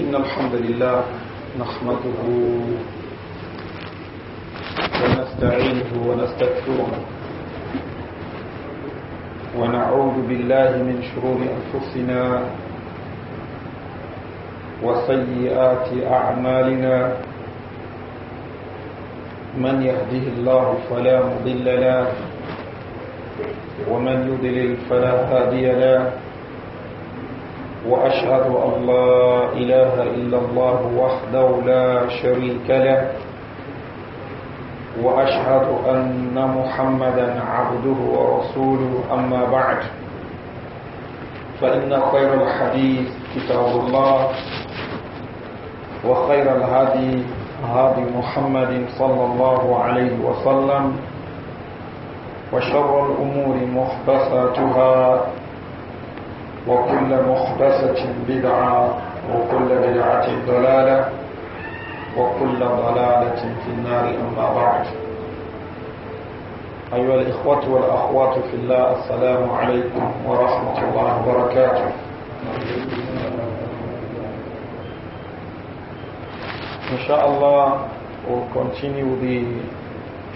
إن الحمد لله نحمده ونستعينه ونستكفره ونعوذ بالله من شرور أنفسنا وسيئات أعمالنا من يهده الله فلا مضل له ومن يضلل فلا هادي له وأشهد أن لا إله إلا الله وحده لا شريك له وأشهد أن محمدا عبده ورسوله أما بعد فإن خير الحديث كتاب الله وخير الهدي هادي محمد صلى الله عليه وسلم وشر الأمور محدثاتها وكل مخبسة بدعة وكل بدعة ضلالة وكل ضلالة في النار أما بعد أيها الإخوة والأخوات في الله السلام عليكم ورحمة الله وبركاته إن شاء الله we'll continue the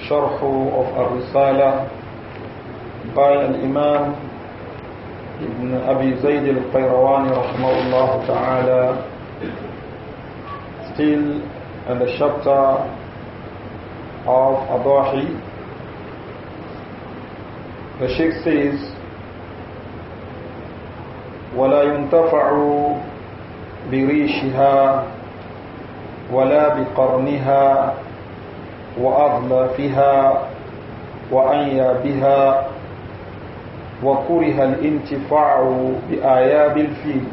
شرح of الرسالة by الإمام ابن أبي زيد القيرواني رحمه الله تعالى still in the chapter of Adahi the Sheikh says ولا ينتفع بريشها ولا بقرنها وأظلافها وأنيابها وكره الانتفاع بآياب الفيل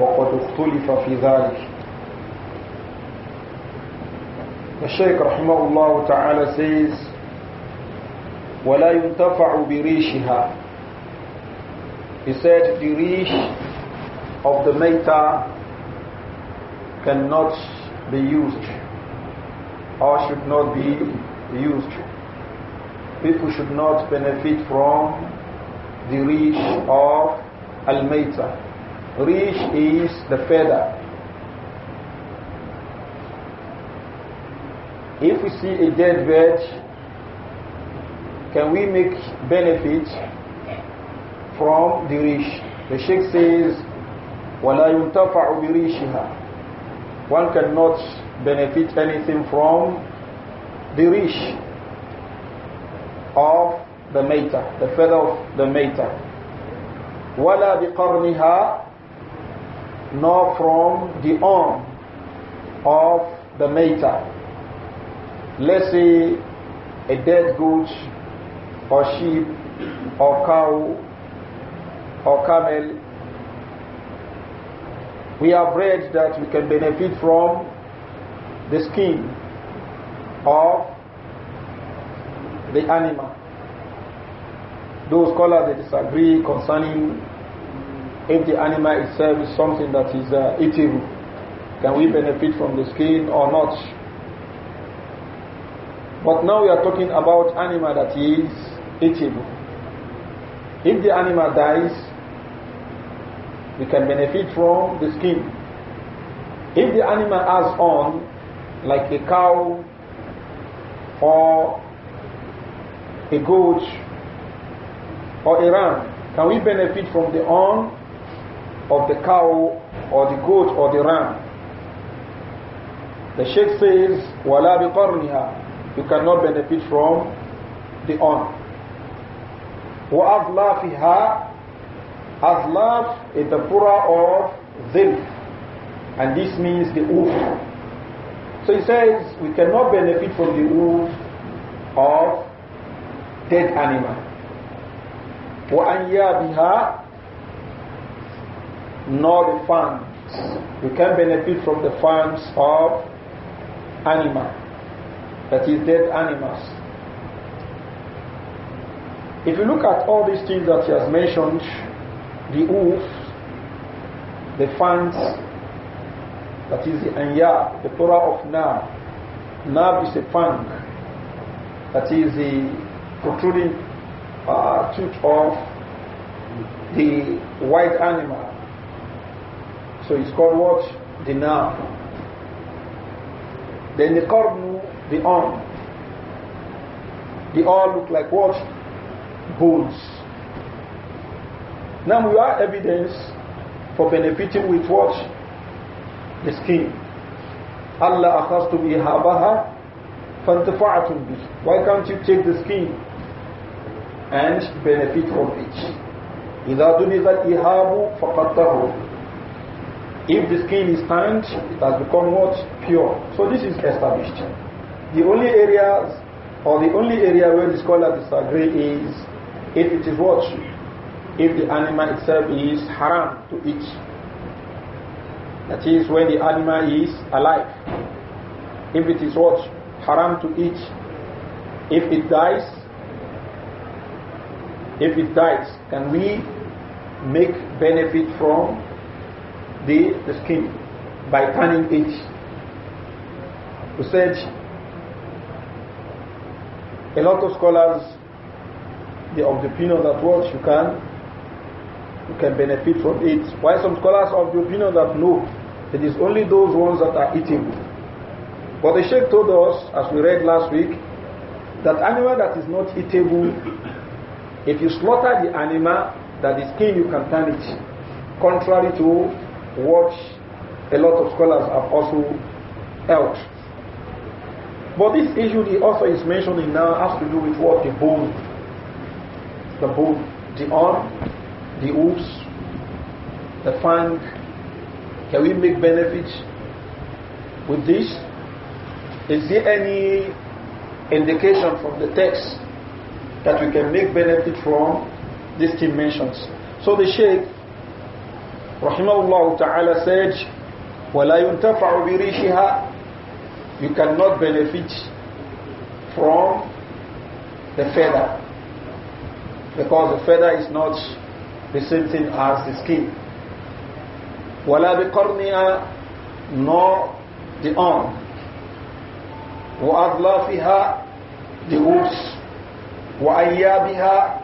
وقد اختلف في ذلك الشيخ رحمه الله تعالى says ولا ينتفع بريشها he said the reach of the meta cannot be used or should not be used people should not benefit from the reach of al-mayta. Reach is the feather. If we see a dead bird, can we make benefit from the reach? The Sheikh says, وَلَا يُنْتَفَعُ بِرِيشِهَا One cannot benefit anything from the reach of the meta, the feather of the meta. وَلَا بِقَرْنِهَا Nor from the arm of the meta. Let's say a dead goat or sheep or cow or camel. We have read that we can benefit from the skin of the animal. Those scholars they disagree concerning if the animal itself is something that is uh, eatable. Can we benefit from the skin or not? But now we are talking about animal that is eatable. If the animal dies, we can benefit from the skin. If the animal has on, like a cow or a goat or a ram? Can we benefit from the horn of the cow or the goat or the ram? The Sheikh says, وَلَا بِقَرْنِهَا You cannot benefit from the horn. وَأَظْلَافِهَا Azlaf is the plural of zilf. And this means the roof. So he says, we cannot benefit from the roof of dead animal. وَأَنْيَابِهَا Nor the funds. You can benefit from the funds of animal. That is dead animals. If you look at all these things that he has mentioned, the oof, the funds. that is the anya, the Torah of na. Nab is a fang, that is the protruding uh, tooth of the white animal. So it's called what? The nerve. Then the cornu, the arm. They all look like what? Bones. Now we have evidence for benefiting with what? The skin. Allah has to be bih. Why can't you take the skin and benefit from it. إِذَا دُنِذَ الْإِهَابُ فَقَدْتَهُ If the skin is tanned, it has become what? Pure. So this is established. The only areas, or the only area where the scholar disagree is if it is what? If the animal itself is haram to eat. That is when the animal is alive. If it is what? Haram to eat. If it dies, if it dies, can we make benefit from the, the skin by tanning it? We said a lot of scholars they of the opinion that what you can you can benefit from it. Why some scholars of the opinion that no, it is only those ones that are eating. But the Sheikh told us, as we read last week, that animal that is not eatable if you slaughter the animal, that is skin, you can turn it. Contrary to what a lot of scholars have also held. But this issue the author is mentioning now has to do with what? The bone. The bone, the arm, the hooves, the fang. Can we make benefit with this? Is there any indication from the text that we can make benefit from these dimensions. So the Shaykh, rahimahullah ta'ala, said, وَلَا يُنْتَفَعُ بِرِيشِهَا You cannot benefit from the feather. Because the feather is not the same thing as the skin. وَلَا بِقَرْنِهَا Nor the arm. وَأَضْلَافِهَا The hooves وأيابها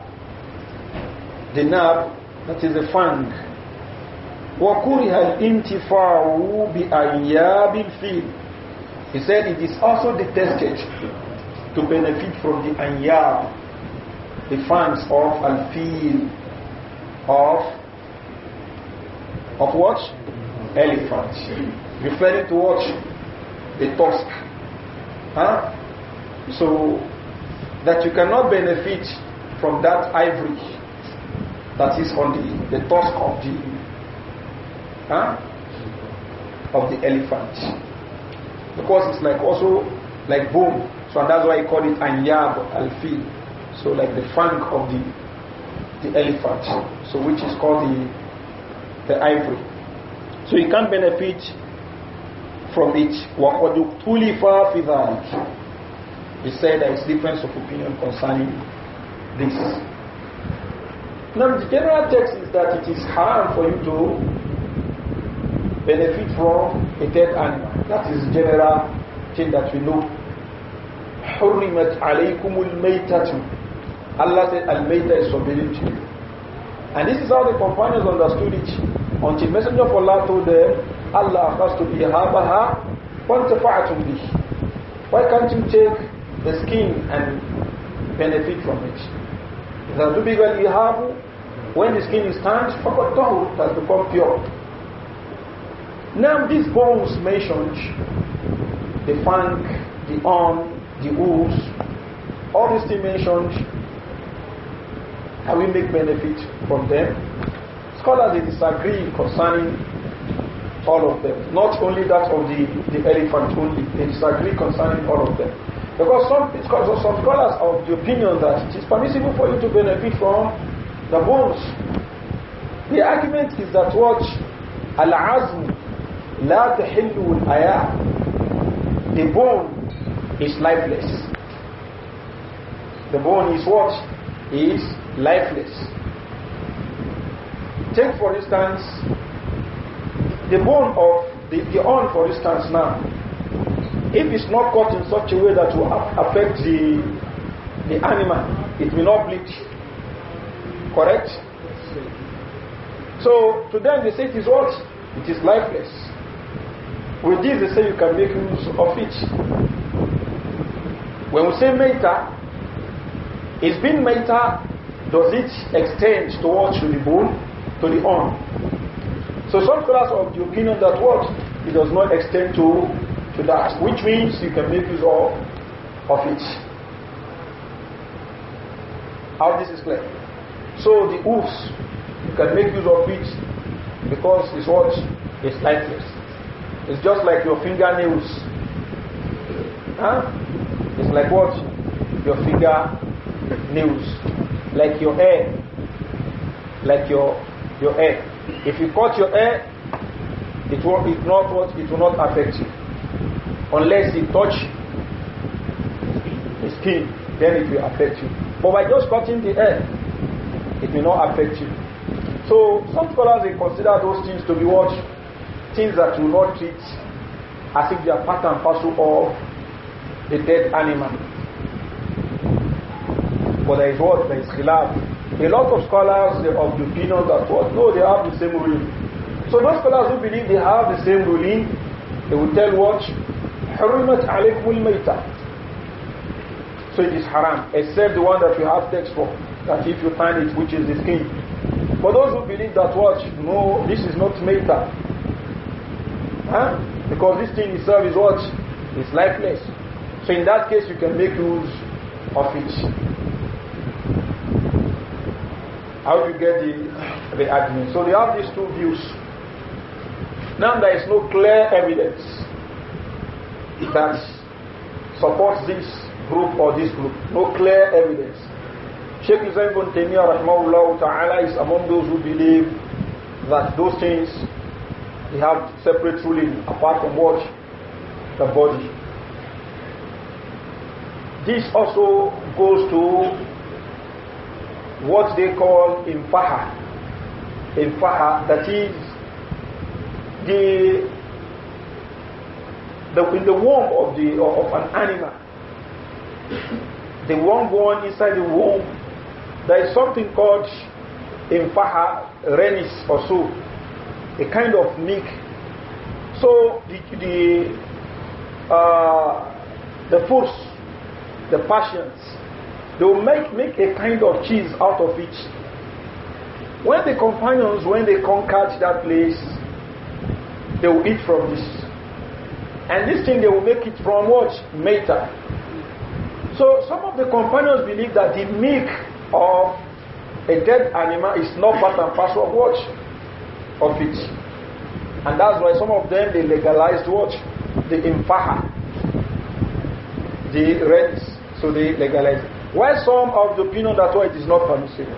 the dinab that is the fang وكره الانتفاع بأياب الفيل He said it is also detested to benefit from the anyab, the fangs of al-fil, of of what? Elephant. Referring to what? The tusk. Huh? So that you cannot benefit from that ivory that is on the, the tusk of the huh? of the elephant. Because it's like also like bone. So that's why I call it anyab alfi. So like the funk of the the elephant. So which is called the the ivory. So you can't benefit from it. He said there is difference of opinion concerning this. Now the general text is that it is hard for you to benefit from a dead animal. That is the general thing that we know. حرمت عليكم الميتة Allah said, Al-Mayta is forbidden to you. And this is how the companions understood it. Until Messenger of Allah told them, Allah has to be habaha, to bih. Why can't you take the skin and benefit from it. إذا دبغ الإهاب when the skin is tanned فقد طهر has become pure. Now these bones mentioned, the funk, the arm, the hooves, all these things mentioned, can we make benefit from them? Scholars disagree concerning all of them. Not only that of the, the elephant only, they disagree concerning all of them. Because some, because some scholars are of the opinion that it is permissible for you to benefit from the bones. The argument is that what Al-Azm La tahillu al-ayah The bone is lifeless. The bone is what? Is lifeless. Take for instance the bone of the, the arm for instance now if it's not cut in such a way that will affect the, the animal, it will not bleed. Correct? So to them they say it is what? It is lifeless. With this they say you can make use of it. When we say meta, is being meta, does it extend towards the bone, to the arm? So some scholars of the opinion that what? It does not extend to to which means you can make use of, of it. How this is clear. So the oofs, you can make use of it because it's what? It's lifeless. It's just like your fingernails. Huh? It's like what? Your fingernails. Like your hair. Like your your hair. If you cut your hair, it will it not what it will not affect you unless it touch the skin, then it will affect you. But by just cutting the hair, it may not affect you. So some scholars they consider those things to be what things that will not treat as if they are part and parcel of a dead animal. But there is what there is khilaf. A lot of scholars they of the opinion that what no they have the same ruling. So those scholars who believe they have the same ruling, they will tell what حرمت عليكم الميتة so it is haram except the one that we have text for that if you find it which is the skin for those who believe that watch no this is not meta huh? because this thing itself is what is lifeless so in that case you can make use of it how do you get the, the admin? so they have these two views now there is no clear evidence that supports this group or this group. No clear evidence. Sheikh Islam ibn Taymiyyah rahmahullah ta'ala is among those who believe that those things they have separate ruling apart from what? The body. This also goes to what they call infaha. Infaha, that is the the, in the womb of, the, of, of an animal. The one born inside the womb, there is something called infaha renis or so, a kind of milk. So the the uh, the force, the passions, they will make make a kind of cheese out of it. When the companions, when they conquered that place, they will eat from this. And this thing they will make it from what? Meta. So some of the companions believe that the milk of a dead animal is not part and parcel of what? Of it. And that's why some of them they legalized what? The infaha. The rents. So they legalized. Why some of the opinion that why oh, it is not permissible?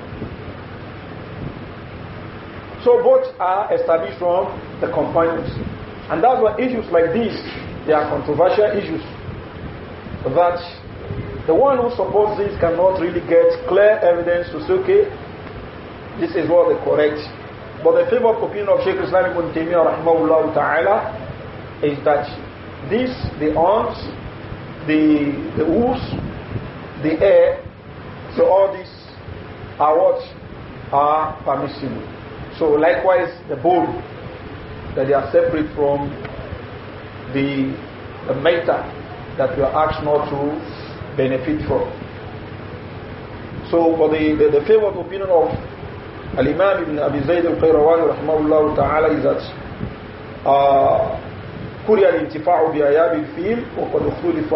So both are established from the companions. And that's why issues like these, they are controversial issues. That the one who supports this cannot really get clear evidence to say, okay, this is what the correct. But the favorite opinion of Sheikh Islam Ibn Taymiyyah rahimahullah ta'ala is that this, the arms, the, the wolves, the air, so all these are what are permissible. So likewise the bone that they are separate from the, the meta that you are asked not to benefit from. So for the, the, the favored opinion of Al-Imam Ibn Abi Zayd al-Qayrawani rahmahullah ta'ala is that uh, كُرِيَ الْإِنْتِفَاعُ بِأَيَابِ الْفِيلِ وَقَدْ اُخْتُلِفَ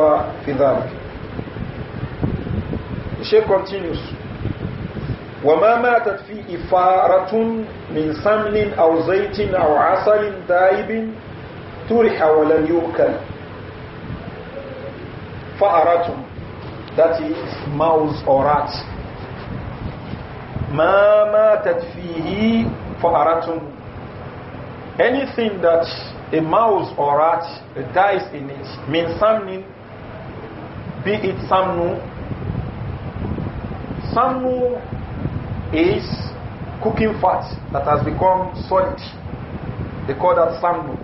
فِي ذَلِكَ The Sheikh continues وما ماتت في إفارة من سمن أو زيت أو عسل دائب ترح ولم يؤكل فأرة that is mouse or rat ما ماتت فيه فأرة anything that a mouse or rat dies in it means something be it samnu samnu is cooking fat that has become solid. They call that sandu.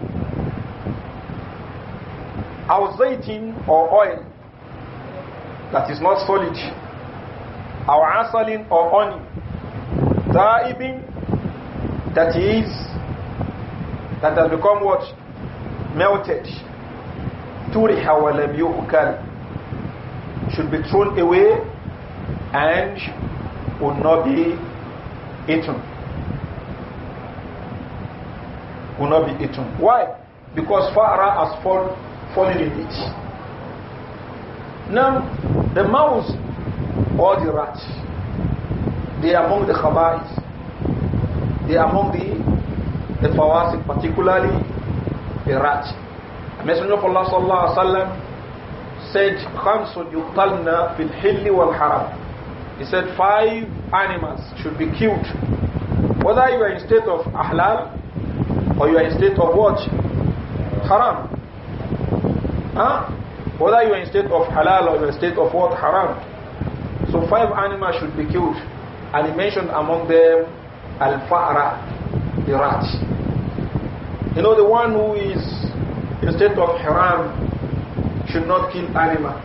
Our zaitin or oil that is not solid. Our asalin or honey. Taibin that is that has become what? Melted. Turiha should be thrown away and would not be eaten. Will not be eaten. Why? Because Farah has fall, fallen in it. Now, the mouse or the rat, they are among the khabais. They are among the, the fawasik, particularly the rat. The Messenger of Allah sallallahu alaihi wasallam said, خمس يقتلن في الحل والحرام he said five animals should be killed. Whether you are in state of halal or you are in state of what? Haram. Huh? Whether you are in state of halal or you are in state of what? Haram. So five animals should be killed. And he mentioned among them Al-Fa'ra, the rat. You know the one who is in state of haram should not kill animal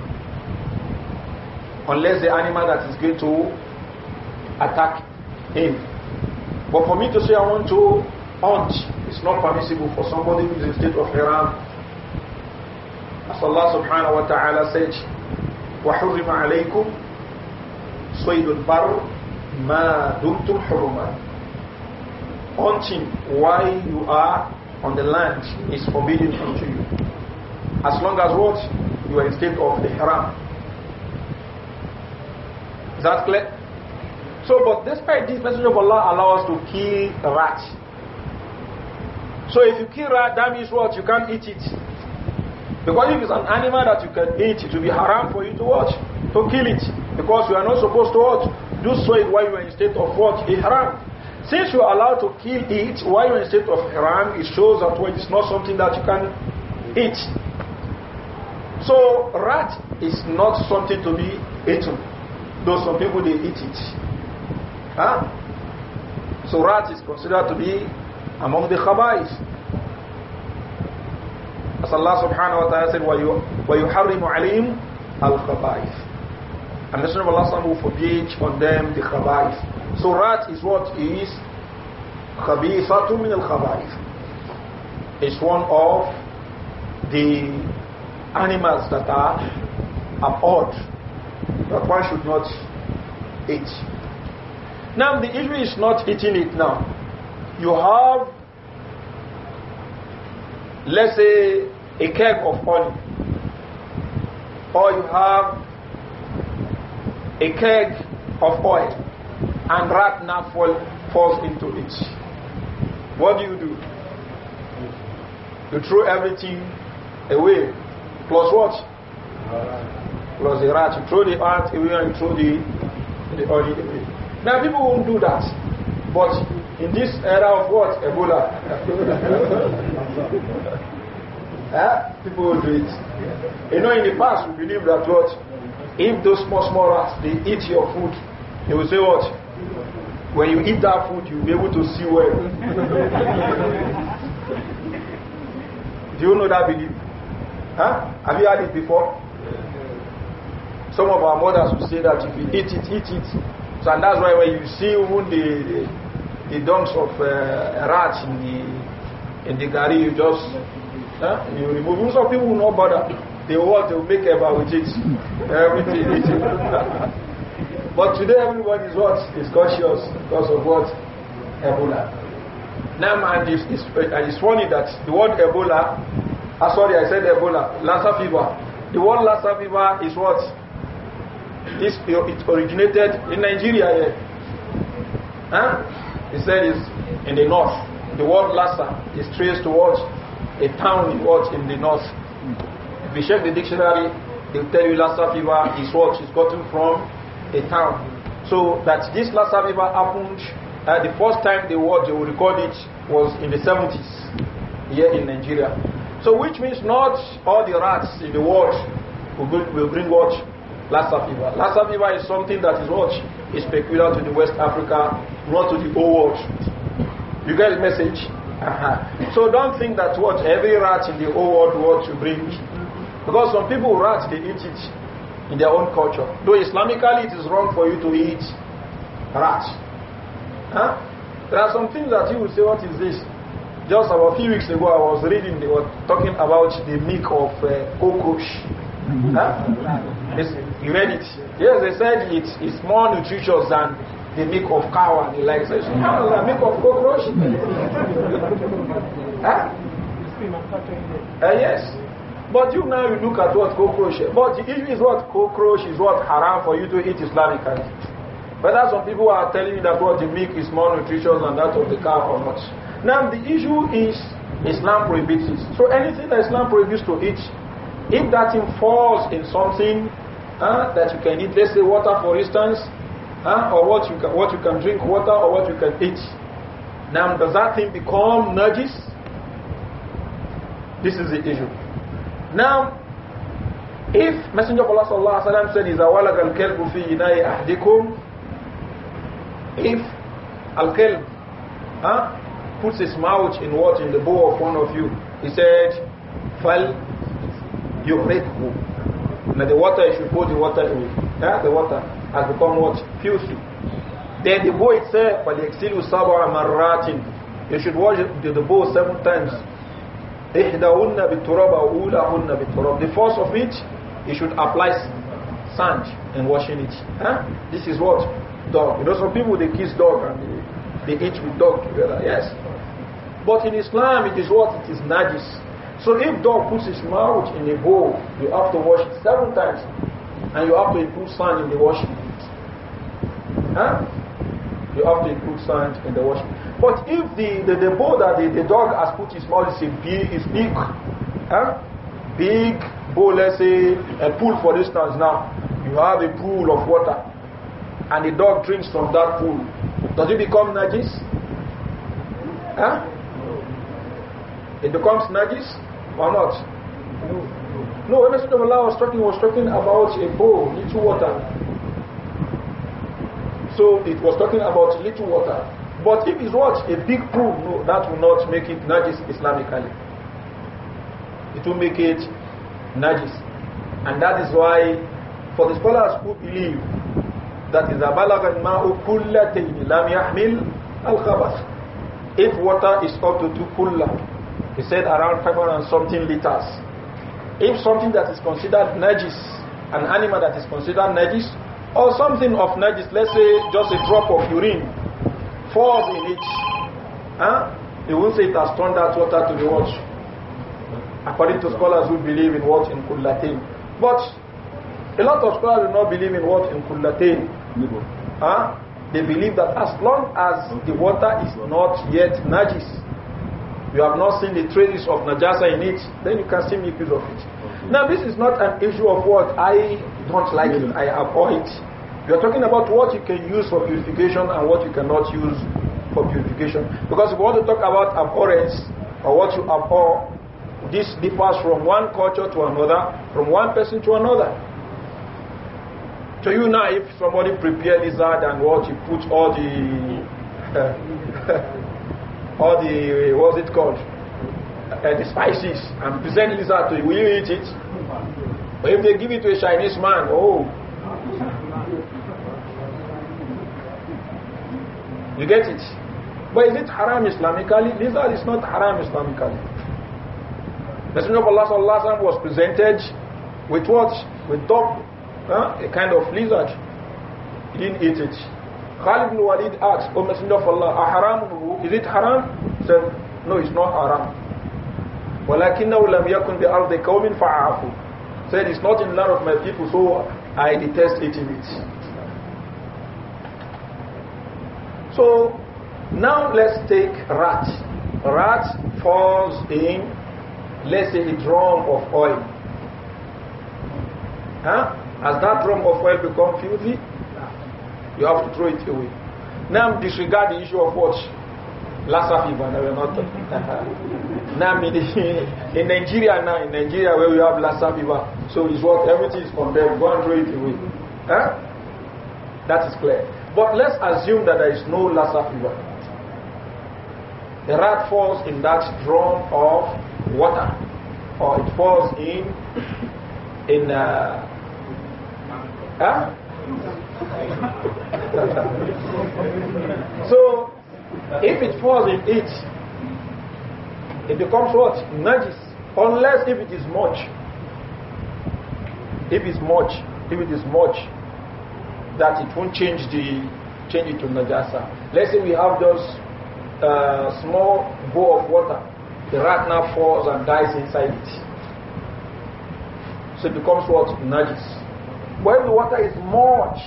unless the animal that is going to attack him. But for me to say I want to hunt, it's not permissible for somebody who is in state of haram. As Allah subhanahu wa ta'ala said, وَحُرِّمَ عَلَيْكُمْ صَيْدُ الْبَرُّ مَا دُمْتُمْ حُرُمًا Hunting while you are on the land is forbidden unto you. As long as what? You are in state of the haram. Is that clear? So, but despite this, message of Allah allows us to kill rat. So if you kill rat, that means what? You can't eat it. Because if it's an animal that you can eat, it will be haram for you to watch, to kill it. Because you are not supposed to watch, do so while you are in state of what? Ihram. Since you are allowed to kill it while you are in state of haram, it shows that well, it's not something that you can eat. So rat is not something to be eaten. Though some people they eat it. Huh? So rat is considered to be among the khaba'is. As Allah subhanahu wa ta'ala said, وَيُحَرِّمُ عَلِيمُ الْخَبَائِثِ And the Messenger of Allah will forbid on them the khaba'is. So rat is what min al khabais. It's one of the animals that are abhorred that one should not eat. Now the issue is not eating it now. You have, let's say, a keg of oil, or you have a keg of oil, and rat now fall, falls into it. What do you do? You throw everything away, plus what? plus the rat, throw the earth away and throw the, the oil away. Now people won't do that. But in this era of what? Ebola. eh? People will do it. You know, in the past, we believe that what? If those small, small rats, they eat your food, they will say what? When you eat that food, you'll be able to see well. do you know that belief? Huh? Have you had it before? Some of our mothers will say that if you eat it, eat it. So, and that's why when you see even the, the, the of uh, rats in the, in the gari, you just huh? you remove. some people will not bother. They want to make about with it. Everything. but today everyone is what? Is cautious because of what? Ebola. Now, and it's, it's, and it's funny that the word Ebola, I'm ah, sorry, I said Ebola, Lassa fever. The word Lassa fever is what? This it originated in Nigeria. Here. Eh? Huh? He said it's in the north. The word Lassa is traced towards a town in what in the north. If you check the dictionary, they'll tell you Lassa fever is what is gotten from a town. So that this Lassa fever happened uh, the first time the word they will record it was in the 70s here in Nigeria. So which means not all the rats in the world will bring, will bring what Lassa fever. Lassa fever is something that is what is peculiar to the West Africa, not to the whole world. You get the message? Uh -huh. So don't think that what every rat in the whole world wants to bring. Because some people rat they eat it in their own culture. Though Islamically it is wrong for you to eat rat. Huh? There are some things that you will say, what is this? Just about a few weeks ago I was reading, they were talking about the milk of uh, cockroach huh? It's, you it? Yes, they said it's more nutritious than the milk of cow and the like. So, milk of cockroach? huh? Uh, yes. But you now you look at what cockroach But the issue is what cockroach is what haram for you to eat Islamically. But that's some people are telling you that what the milk is more nutritious than that of the cow or not. Now the issue is Islam prohibits it. So anything that Islam prohibits to eat, if that thing falls in something uh, that you can eat, let's say water for instance, uh, or what you, can, what you can drink, water or what you can eat, now does that thing become najis? This is the issue. Now, if Messenger of Allah sallallahu alaihi wasallam said, walak al-kelbu fi ahdikum," if al-kelb puts his mouth in what in the bowl of one of you, he said, "Fal يخرجه Now the water you should pour the water away. Yeah, the water has become what? Filthy. Then the bowl itself, فَلْيَكْسِلُوا سَبْعَ مَرَّاتٍ You should wash the, the bowl seven times. إِحْدَهُنَّ بِالتُّرَابَ وَأُولَهُنَّ بِالتُّرَابِ The force of it, you should apply sand and washing it. Huh? This is what? Dog. You know, some people, they kiss dog and they, they eat with dog together. Yes. But in Islam, it is what? It is najis. So if dog puts his mouth in a bowl, you have to wash it seven times. And you have to include sand in the washing. Huh? You have to include sand in the washing. But if the, the, the bowl that the, the dog has put his mouth is big, is big, huh? big bowl, let's say a pool for instance now, you have a pool of water and the dog drinks from that pool, does it become najis? Huh? It becomes najis? or not? No, when the Allah was talking, was talking about a bowl, little water. So it was talking about little water. But if it's what? A big pool, no, that will not make it najis Islamically. It will make it najis. And that is why, for the scholars who believe that is a بلغ الماء كلتين لم يحمل الخبث if water is up to two kullah he said around 500 something liters. If something that is considered najis, an animal that is considered najis, or something of najis, let's say just a drop of urine, falls in it, huh? they will say it has turned that water to the watch. According to scholars who believe in what in kullatain. But a lot of scholars do not believe in what in kullatain. Huh? They believe that as long as the water is not yet najis, you have not seen the traces of najasa in it, then you can see mikis of it. Now this is not an issue of what I don't like it, I abhor it. We are talking about what you can use for purification and what you cannot use for purification. Because if we want to talk about abhorrence or what you abhor, this differs from one culture to another, from one person to another. So you now, if somebody prepared lizard and what you put all the uh, all the, what's it called, uh, the spices and present lizard to you, will you eat it? But if they give it to a Chinese man, oh. You get it? But is it haram Islamically? Lizard is not haram Islamically. The Messenger of Allah sallallahu was presented with what? With dog, huh? a kind of lizard. He didn't eat it. Khalid bin Walid asked, O Messenger of Allah, is it haram? He said, No, it's not haram. وَلَكِنَّهُ لَمْ يَكُنْ بِأَرْضِ قَوْمٍ فَعَافُوا Said, it's not in land of my people, so I detest eating it. So, now let's take rat. Rat falls in, let's say, a drum of oil. Huh? As that drum of oil becomes filthy, you have to throw it away. Now disregard the issue of watch. lassa fever. even, we are not talking. now in, in Nigeria now, in Nigeria where we have Lassa fever, so it's what everything is condemned, go and throw it away. Huh? That is clear. But let's assume that there is no Lassa fever. The rat falls in that drum of water, or it falls in in uh, huh? so, if it falls in it, it becomes what? Najis. Unless if it is much. If it's much, if it is much, that it won't change the change it to najasa. Let's say we have those uh, small bowl of water. The rat now falls and dies inside it. So it becomes what? Najis. But if the water is much,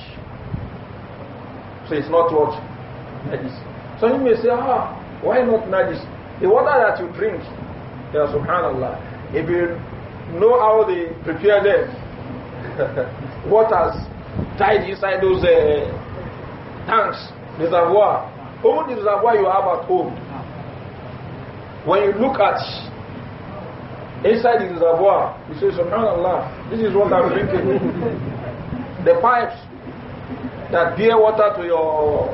so it's not what? Najis. So you may say, ah, why not Najis? The water that you drink, yeah, subhanallah, if you know how they prepare them, water's tied inside those uh, tanks, reservoir, only the reservoir you have at home. When you look at inside the reservoir, you say, subhanallah, this is what I'm drinking. the pipes that bear water to your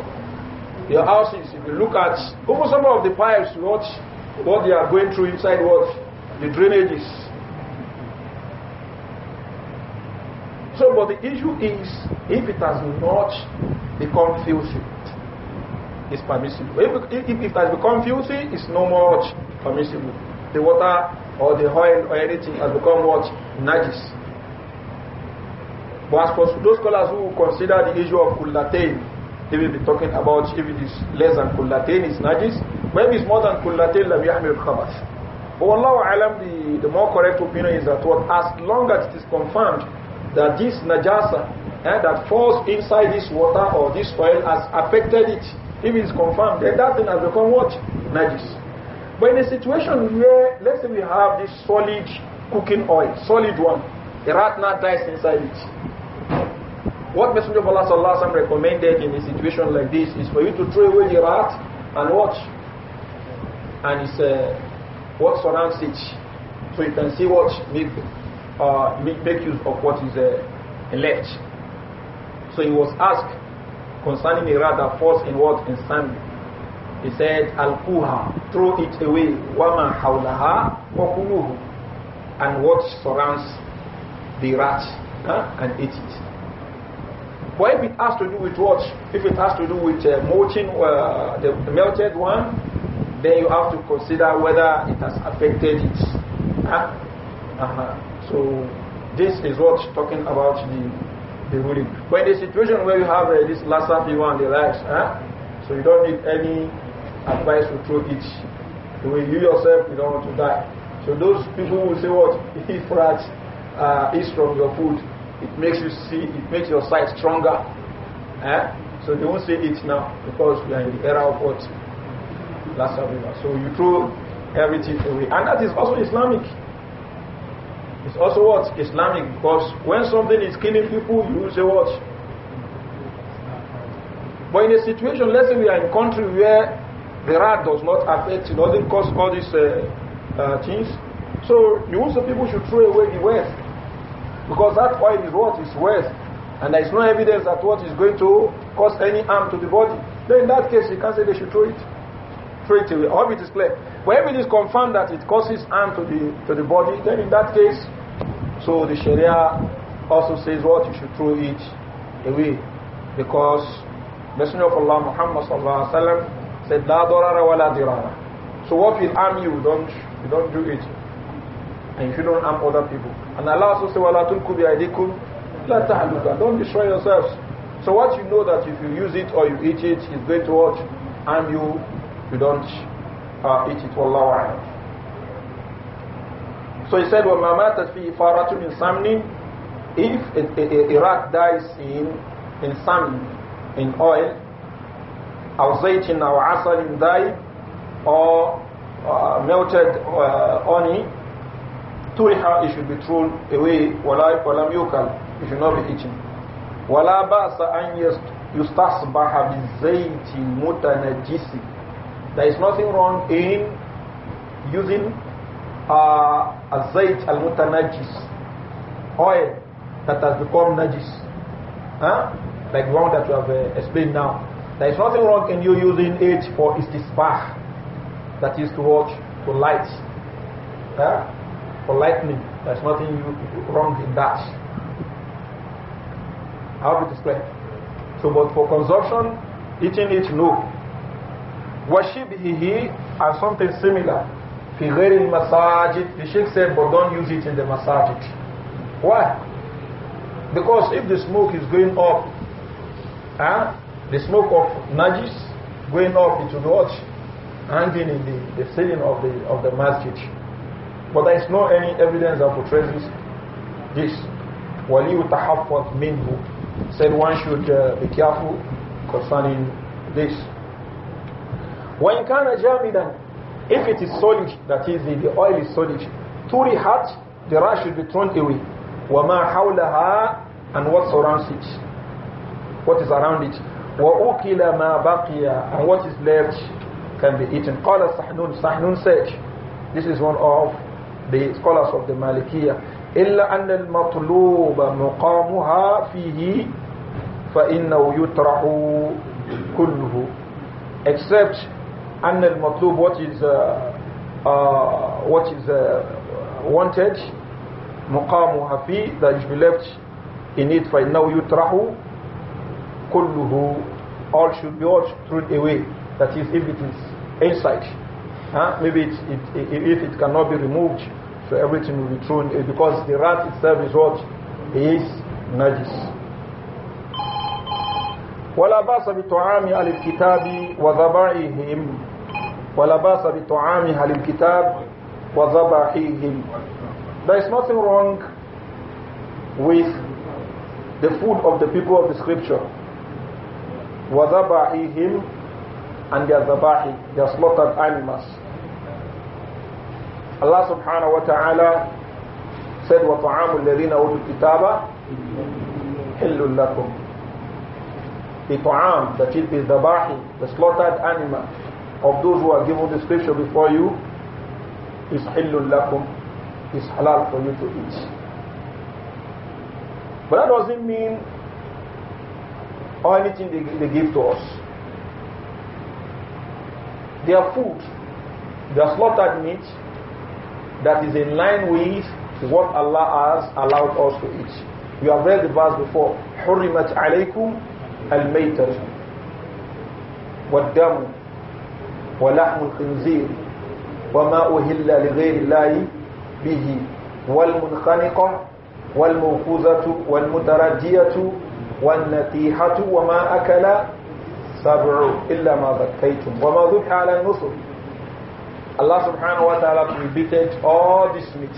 your houses. If you look at over some of the pipes, what what they are going through inside what the drainages. So, but the issue is if it has not become filthy, it's permissible. If, if, it has become filthy, it's no more permissible. The water or the oil or anything has become what? Najis. But as for those scholars who consider the issue of kullatain, they will be talking about if it is less than kullatain, it's najis. But if it's more than kullatain, lam yahmil khabath. But Allah alam, the, the more correct opinion is that what, as long as it is confirmed that this najasa eh, that falls inside this water or this oil has affected it, if it's confirmed, then that thing has become what? Najis. But in a situation where, let's say we have this solid cooking oil, solid one, the rat not dies inside it. What Messenger of Allah sallallahu alaihi wasallam recommended in a situation like this is for you to throw away the rat and watch. And it's uh, what surrounds it. So you can see what make, uh, make use of what is uh, left. So he was asked concerning the rat that falls in what? In sand. He said, al throw it away. Wama hawlaha wa and what surrounds the rat huh? and eat it. But if it has to do with what? If it has to do with uh, molting uh, the, the, melted one, then you have to consider whether it has affected it. Huh? Uh -huh. So this is what talking about the, the ruling. But in the situation where you have uh, this last one, the likes, huh? so you don't need any advice to throw it. You yourself, you don't want to die. So those people will say what? if rats, uh, eat from your food it makes you see, it makes your sight stronger. Eh? So they won't say it now because we are in the era of what? Last Sabbath. So you throw everything away. And that is also Islamic. It's also what? Islamic because when something is killing people, you use a what? But in a situation, let's say we are in a country where the rat does not affect, it doesn't cause all these uh, uh, things. So you also people should throw away the west. Because that oil is what is worth, And there is no evidence that what is going to cause any harm to the body. Then in that case, you can't say they should throw it. Throw it away. Or if it is clear. But if it is confirmed that it causes harm to the, to the body, then in that case, so the Sharia also says what you should throw it away. Because Messenger of Allah Muhammad sallallahu said la darara wa la dirara. So what will harm you, don't you don't do it, and you do not harm other people. And Allah "Well, says, وَلَا تُلْكُوا بِأَيْدِكُمْ لَا تَعْلُكَ Don't destroy yourselves. So what you know that if you use it or you eat it, it's going to what? And you, you don't uh, eat it. Wallahu a'lam. So he said, وَمَا مَاتَتْ فِي إِفَارَةٌ مِنْ سَمْنٍ If a, rat dies in, in salmon, in oil, in our أو in dye, or uh, melted uh, honey, turiha, it should be thrown away. Wala walam yukal, it should not be eaten. Wala ba'sa an yustasbaha bizayti mutanajisi. There is nothing wrong in using uh, a zayt al-mutanajis, oil that has become najis. Huh? Like the one that you have uh, explained now. There is nothing wrong in you using it for istisbah, that is to watch, to light. Huh? for lightning. There's nothing wrong in that. How to explain? So, but for consumption, eating it, no. Washibihi and something similar. Figuring it. The Sheikh said, but don't use it in the massage. Why? Because if the smoke is going up, huh, the smoke of najis going up, into the be Hanging in the, the ceiling of the, of the masjid. But there is no any evidence that portrays this. وَلِيُّ تَحَفَّظْ مِنْهُ Said one should uh, be careful concerning this. وَإِنْ كَانَ jamidan, If it is solid, that is, the, the oil is solid, تُرِحَتْ The rash should be thrown away. وَمَا حَوْلَهَا And what surrounds it. What is around it. وَأُكِلَ ma بَقِيَ And what is left can be eaten. Qala سَحْنُونَ Sahnun said, this is one of the scholars of the Malikiya. إلا أن المطلوب مقامها فيه فإنه يطرح كله except أن المطلوب what is uh, uh, what is uh, wanted مقامها فيه that should be left in it فإنه يطرح كله all should be all thrown away that is if it is inside Huh? Maybe it, it, if it cannot be removed, so everything will be thrown because the rat itself is what? Is najis. ولا باس بطعام اهل الكتاب وذبائحهم ولا باس بطعام اهل الكتاب وذبائحهم there is nothing wrong with the food of the people of the scripture وذبائحهم and their ذبائح their slaughtered animals Allah subhanahu wa ta'ala said, وَطَعَامُ الَّذِينَ أُوتُوا الْكِتَابَ حِلٌّ لَكُمْ The ta'am, that it is the bahi, the slaughtered animal of those who are given the scripture before you, is حِلٌّ لَكُمْ is halal for you to eat. But that doesn't mean or anything they, they give to us their food, their slaughtered meat, that is in line with what Allah has allowed us to eat. You have read the verse before. حُرِّمَتْ عَلَيْكُمْ الْمَيْتَةُ وَالدَّمُ وَلَحْمُ الْخِنْزِيرِ وَمَا أُهِلَّ لِغَيْرِ اللَّهِ بِهِ وَالْمُنْخَنِقَةُ وَالْمَوْقُوذَةُ وَالْمُتَرَجِّيَةُ وَالنَّتِيحَةُ وَمَا أَكَلَ سَبْعُ إِلَّا مَا ذَكَّيْتُمْ وَمَا ذُبْحَ عَلَى النُّصُرِ Allah subhanahu wa ta'ala prohibited all this meat.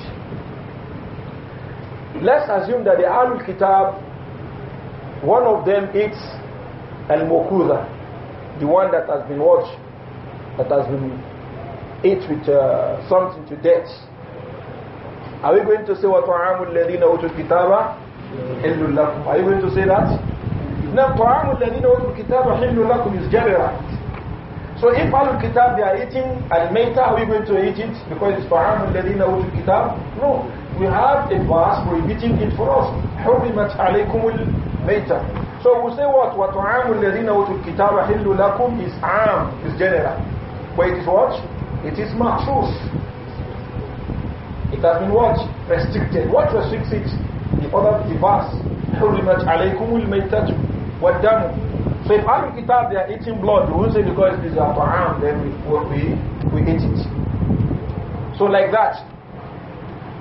Let's assume that the Ahlul Kitab, one of them eats al-mukuza, the one that has been watched, that has been eat with uh, something to death. Are we going to say what ta'amul ladina utul kitaba hillul Are you going to say that? Now ta'amul ladina utul kitaba is general. So if Ahlul Kitab, they are eating Al-Mayta, are we going to eat it because it's Ta'amul Ladina Utul Kitab? No. We have a verse prohibiting it for us. حُرِّمَتْ عَلَيْكُمُ الْمَيْتَةِ So we say what? what الَّذِينَ أُوتُوا الْكِتَابَ حِلُّ لَكُمْ is am, is general. But it is what? It is truth. It has been what? Restricted. What restricts it? The other, the verse. حُرِّمَتْ عَلَيْكُمُ الْمَيْتَةُ وَالدَّمُ so if Ahlul Kitab, they are eating blood, we will say because it's a Quran, then we, we, we eat it. So like that.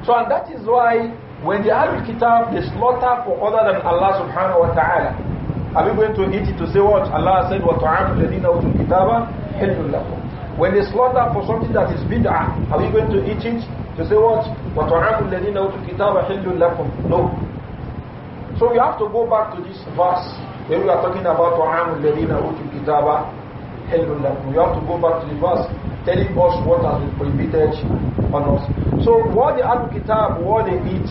So and that is why when the Ahlul Kitab, they slaughter for other than Allah subhanahu wa ta'ala. Are we going to eat it to say what? Allah said, وَطَعَامُ الَّذِينَ أُوتُوا الْكِتَابَ حِلٌّ لَكُمْ When they slaughter for something that is bid'ah, are we going to eat it to say what? وَطَعَامُ الَّذِينَ أُوتُوا الْكِتَابَ حِلٌّ لَكُمْ No. So we have to go back to this verse when we are talking about وَعَامُ الَّذِينَ أُوتُوا الْكِتَابَ حِلٌّ لَكُمْ You have to go back to the verse telling us what has been prohibited on us. So what the Ahlul Kitab, what they eat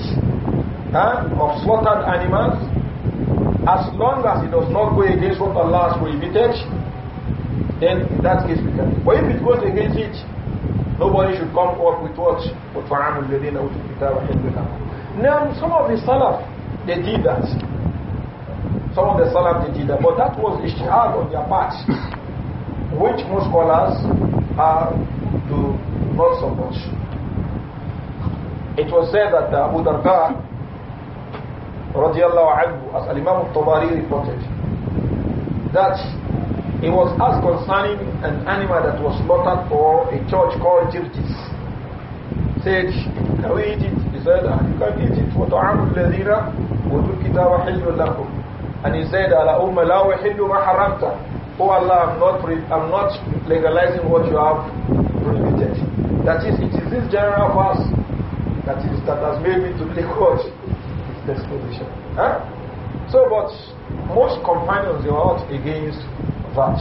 huh, of slaughtered animals, as long as it does not go against what Allah has prohibited, then in that case we can. But if it goes against it, nobody should come up with what? Now some of the Salaf, they did that. Some of the Salaf did that, but that was ishtihad on their part, which most scholars are do not so much. It was said that Abu Darda, radiallahu anhu, as al Imam al-Tabari reported, that he was asked concerning an animal that was slaughtered for a church called Jirtis. Said, can we eat it? He said, ah, you can eat it. وَطَعَامُ الَّذِينَ وَذُو الْكِتَابَ حِلٌّ لَكُمْ and he said, Ala ma Oh Allah, I'm not, I'm not legalizing what you have prohibited. That is, it is this general verse that is that has made me to take what? This position. Huh? So, but most companions are not out against that.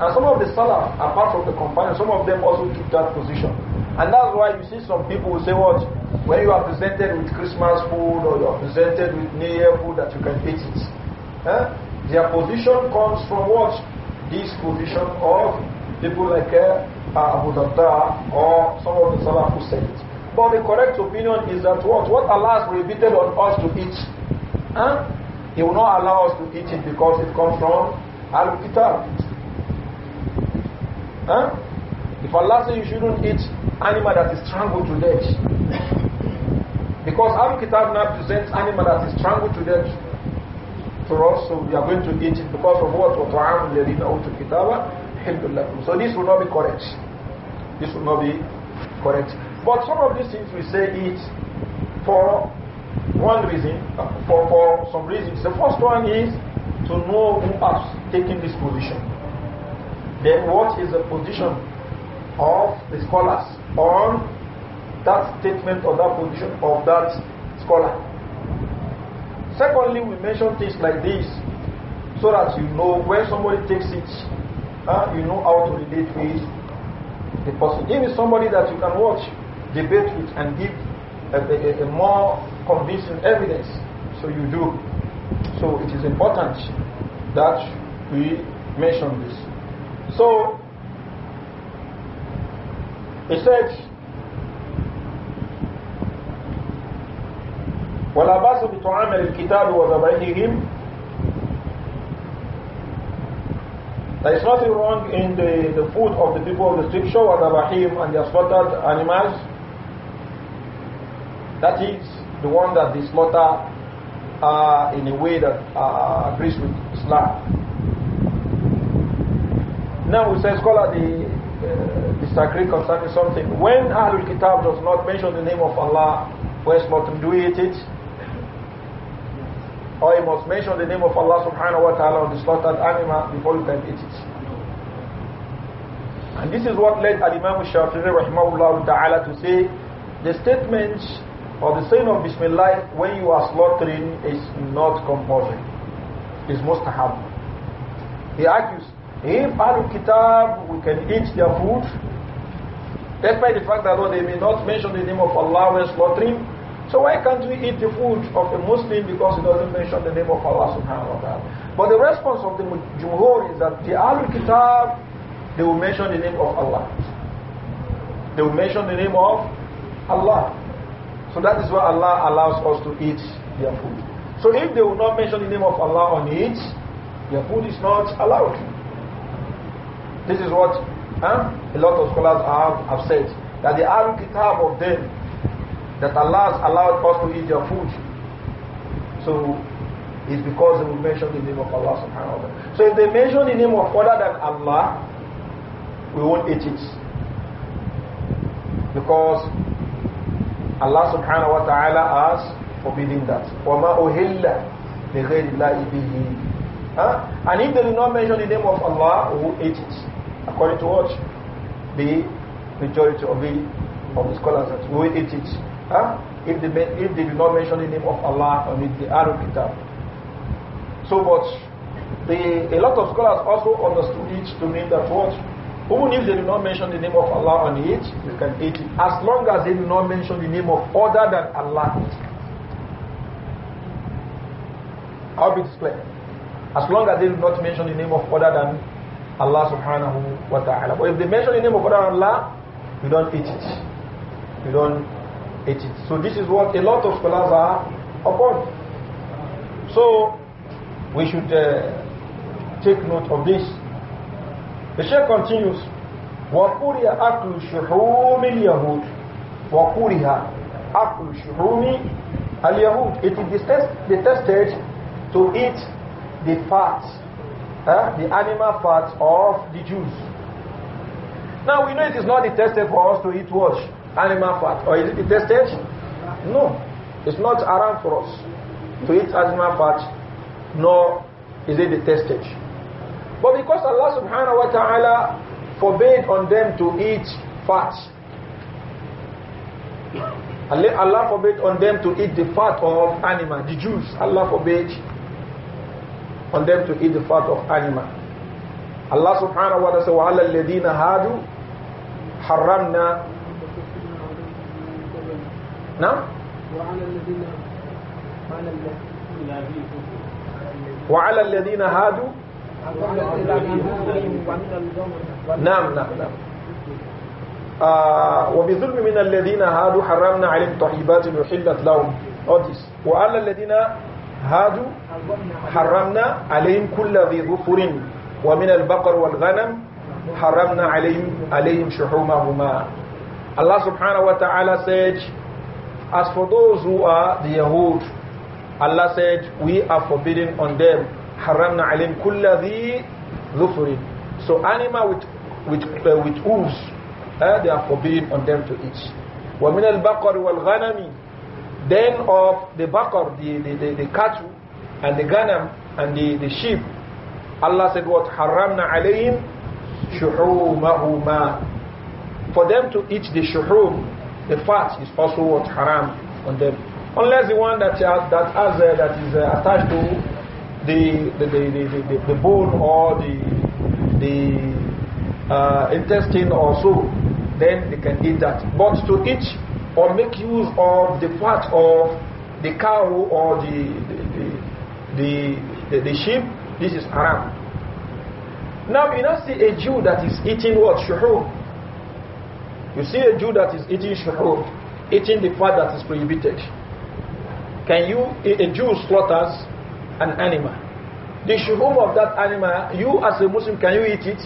And some of the Salaf, apart from the companions, some of them also took that position. And that's why you see some people who say what? When you are presented with Christmas food or you are presented with New Year food that you can eat it. Huh? Their position comes from what? This position of people like eh, uh, Abu Darda or some of the Salaf who said it. But the correct opinion is that what? What Allah has prohibited on us to eat, He will not allow us to eat it because it comes from Al-Kitab. Huh? If Allah says you shouldn't eat animal that is strangled to death, because Al-Kitab now presents animal that is strangled to death, for us, so we are going to eat it because of what? وَطَعَامُ الَّذِينَ أُوتُوا So this will not be correct. This will not be correct. But some of these things we say it for one reason, uh, for, for some reasons. The first one is to know who has taken this position. Then what is the position of the scholars on that statement or that position of that scholar. Secondly, we mention things like this so that you know when somebody takes it, uh, you know how to relate with the person. If it's somebody that you can watch, debate with, and give a, a, a more convincing evidence, so you do. So it is important that we mention this. So, he said, ولا باس بطعام الكتاب وذبائحهم There is nothing wrong in the, the food of the people of the scripture, وذبائحهم and the slaughtered animals. That is the one that they slaughter uh, in a way that uh, agrees with Islam. Now we say scholar the uh, disagree concerning something. When Al Kitab does not mention the name of Allah, where's not do it? it or you must mention the name of Allah subhanahu wa ta'ala on the slaughtered animal before you can eat it. And this is what led Al-Imam Shafi'i rahimahullah ta'ala to say the statement or the saying of Bismillah when you are slaughtering is not compulsory. It's mustahab. He argues, if Al-Kitab we can eat their food, despite the fact that though they may not mention the name of Allah when slaughtering, so why can't we eat the food of a Muslim because he doesn't mention the name of Allah subhanahu wa ta'ala? But the response of the Jumhur is that the Ahlul Kitab, they will mention the name of Allah. They will mention the name of Allah. So that is why Allah allows us to eat their food. So if they will not mention the name of Allah on it, their food is not allowed. This is what huh, a lot of scholars have, have said. That the Ahlul Kitab of them, that Allah has allowed us to eat their food. So it's because they will mention the name of Allah subhanahu wa ta'ala. So if they mention the name of other than Allah, we won't eat it. Because Allah subhanahu wa ta'ala has forbidden that. وَمَا أُهِلَّ اللَّهِ بِهِ And if they do not mention the name of Allah, who eat it? According to what? The majority of the, of the scholars that who eat it. Huh? If, they, if they not mention the name of Allah on it, the ar kitab. So but the, a lot of scholars also understood it to mean that what? Even if they do not mention the name of Allah on it, you can eat it. As long as they do not mention the name of other than Allah. I'll be displayed. As long as they do not mention the name of other than Allah subhanahu wa ta'ala. But if they mention the name of other than Allah, you don't eat it. You don't so this is what a lot of scholars are upon. So we should uh, take note of this. The Sheikh continues, وَقُرِيَ أَكْلُ شُحُومِ الْيَهُودِ وَقُرِيَ أَكْلُ شُحُومِ الْيَهُودِ It is detested to eat the fats, eh, the animal fats of the Jews. Now we know it is not detested for us to eat what? animal fat. Or is it tested? No. It's not around for us to eat animal fat, nor is it detested. But because Allah subhanahu wa ta'ala forbade on them to eat fat, Allah forbade on them to eat the fat of animal. The Jews, Allah forbade on them to eat the fat of animal. Allah subhanahu wa ta'ala said, وَعَلَى الَّذِينَ هَادُوا حَرَّمْنَا نعم وعلى الذين هادوا نعم نعم نعم آه، وبظلم من الذين هادوا حرمنا عليهم طيبات وحلت لهم أدس وعلى الذين هادوا حرمنا عليهم كل ذي ظفر ومن البقر والغنم حرمنا عليهم عليهم شحومهما الله سبحانه وتعالى says As for those who are the Yahud, Allah said, we are forbidden on them. Haramna alim kulladhi dhufri. So animal with, with, uh, with hooves, uh, they are forbidden on them to eat. وَمِنَ wal وَالْغَنَمِ Then of the bakar, the, the, the, the cattle, and the ghanam, and the, the sheep, Allah said what? Haramna alim shuhumahuma. For them to eat the shuhum, the fat is also what haram on them. Unless the one that has, that has uh, that is uh, attached to the the, the, the, the, bone or the the uh, intestine or so, then they can eat that. But to eat or make use of the fat of the cow or the the, the, the sheep, this is haram. Now you not see a Jew that is eating what shuhur you see a Jew that is eating shukur, eating the part that is prohibited. Can you, a Jew slaughters an animal. The shuhum of that animal, you as a Muslim, can you eat it?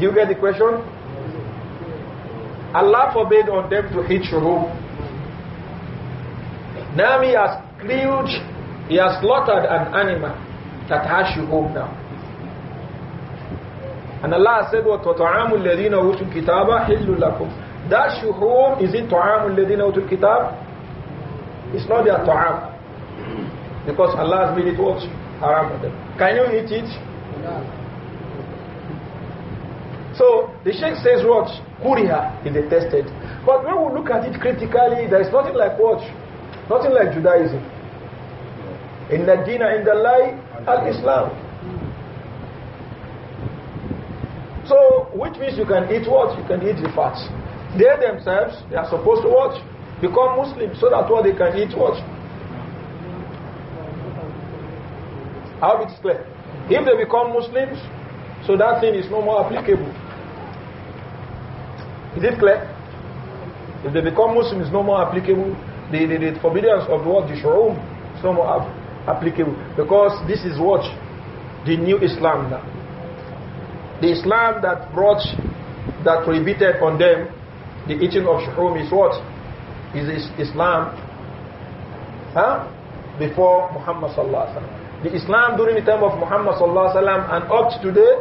You get the question? Allah forbade on them to eat shuhum. Now he has killed, he has slaughtered an animal that has shuhum now. And Allah said, "What الَّذِينَ أُوتُوا الْكِتَابَ حِلٌّ لَكُمْ That shuhur is it طَعَامُ الَّذِينَ أُوتُوا الْكِتَابَ It's not their ta'am. Because Allah has made it what? Haram for them. Can you eat it? So the Sheikh says what? Kuriha is detested. But when we look at it critically, there is nothing like what? Nothing like Judaism. In the Dina, in the lie, at islam So, which means you can eat what? You can eat the fats. They themselves, they are supposed to what? Become Muslim so that what they can eat what? How it's clear. If they become Muslims, so that thing is no more applicable. Is it clear? If they become Muslims, no more applicable. The, the, the forbiddance of the word, the is no more applicable. Because this is what? The new Islam now. The Islam that brought, that prohibited on them the eating of shuhum is what? Is Islam huh? before Muhammad sallallahu alaihi wasallam. The Islam during the time of Muhammad sallallahu alaihi wasallam and up to today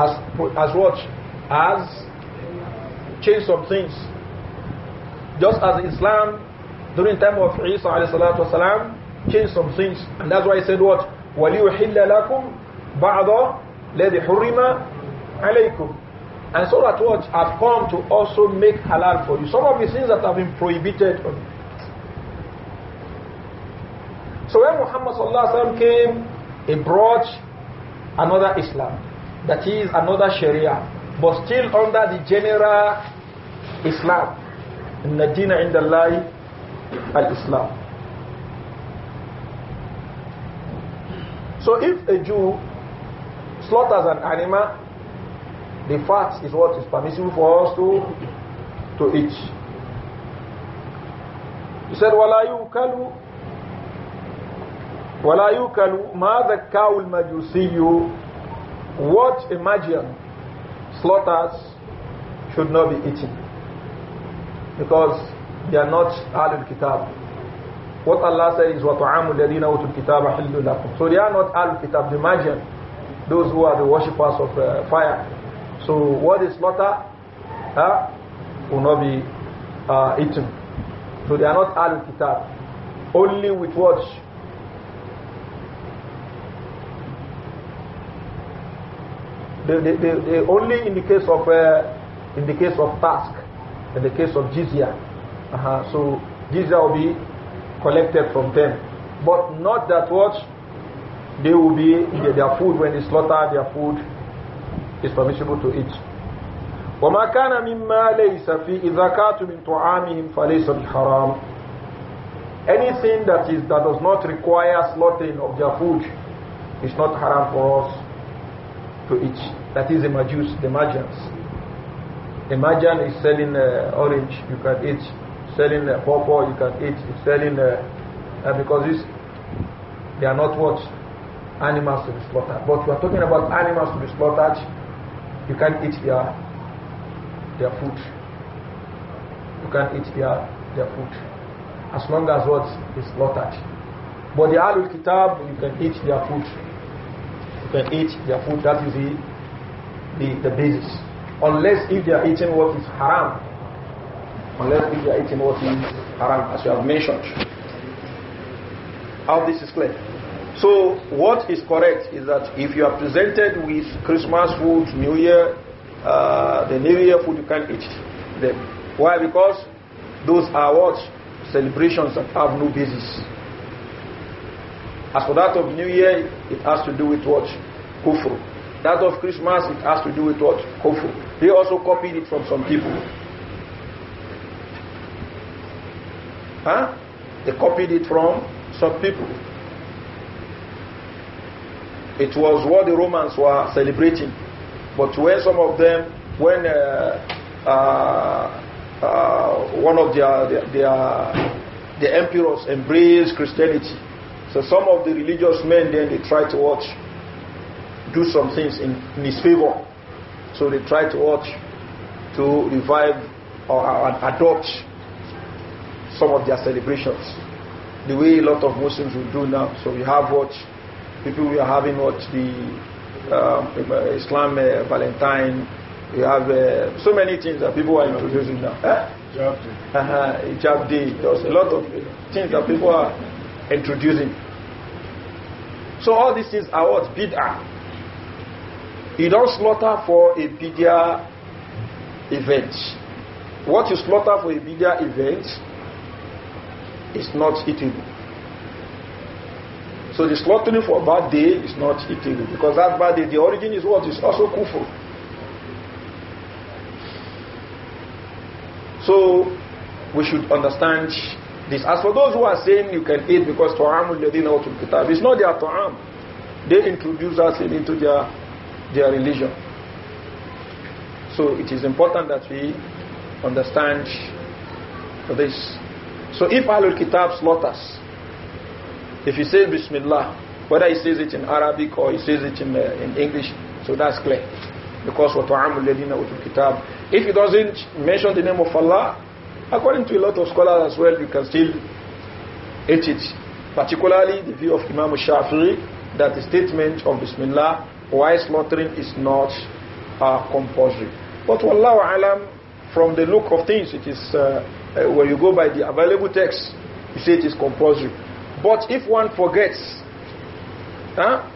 as as what? As changed some things. Just as Islam during the time of Isa alayhi salatu wasalam changed some things. And that's why he said what? وَلِيُحِلَّ لَكُمْ بَعْضَ الذي حرم عليكم and so that what have come to also make halal for you some of the things that have been prohibited on so when Muhammad sallallahu alaihi wasallam came he brought another Islam that is another Sharia but still under the general Islam in the عند الله الإسلام so if a Jew slaughters an animal, the fat is what is permissible for us to to eat. He said, kalu, يُوكَلُ وَلَا يُوكَلُ مَا see you? What a magian slaughters should not be eaten because they are not al Kitab. What Allah says is وَطَعَامُ الَّذِينَ أُوتُوا الْكِتَابَ حِلُّ لَكُمْ So they are not al Kitab, the magian those who are the worshippers of uh, fire. So what is slaughter huh, will not be uh, eaten. So they are not al kitab. Only with what? They, they, they, they only in the case of uh, in the case of task, in the case of jizya. -huh. So jizya will be collected from them, but not that what they will be their food when they slaughter their food is permissible to eat وما كان مما ليس في إذا من طعامهم فليس بحرام anything that is that does not require slaughtering of their food is not haram for us to eat that is the majus the magians the magian is selling uh, orange you can eat selling uh, pawpaw you can eat it's selling uh, uh, because this they are not what animals to be slaughtered. But we are talking about animals to be slaughtered, you can't eat their their food. You can't eat their their food. As long as what is slaughtered. But the Ahlul Kitab, you can eat their food. You can eat their food. That is the, the, the basis. Unless if they are eating what is haram. Unless if they are eating what is haram, as you have mentioned. All this is clear. So what is correct is that if you are presented with Christmas food, New Year, uh, the New Year food, you can eat them. Why? Because those are what? Celebrations that have no basis. As for that of New Year, it has to do with what? Kufru. That of Christmas, it has to do with what? Kufru. They also copied it from some people. Huh? They copied it from some people. It was what the Romans were celebrating. But when some of them, when uh, uh, uh, one of their, their, their, the emperors embraced Christianity, so some of the religious men then they tried to watch, do some things in, in his favor. So they tried to watch to revive or adopt some of their celebrations. The way a lot of Muslims will do now. So we have what People we are having what the uh, Islam uh, Valentine, we have uh, so many things that people are introducing now. Hijab eh? day. Uh-huh, There's a lot of things that people are introducing. So all these things are what? Bid'ah. You don't slaughter for a bid'ah event. What you slaughter for a bid'ah event is not eatable. So the slaughtering for bad day is not eating because that bad day, the origin is what is also kufr. So we should understand this. As for those who are saying you can eat because ta'amul ladina utul kitab, it's not their ta'am. They introduce us into their, their religion. So it is important that we understand this. So if Ahlul Kitab slaughters, if he says Bismillah, whether he says it in Arabic or he says it in, uh, in English, so that's clear. Because وَطَعَامُ If he doesn't mention the name of Allah, according to a lot of scholars as well, you can still eat it. Particularly the view of Imam Shafi'i that the statement of Bismillah while slaughtering is not uh, compulsory. But Wallahu Alam, from the look of things, it is uh, uh when you go by the available text, you say it is compulsory. But if one forgets, huh,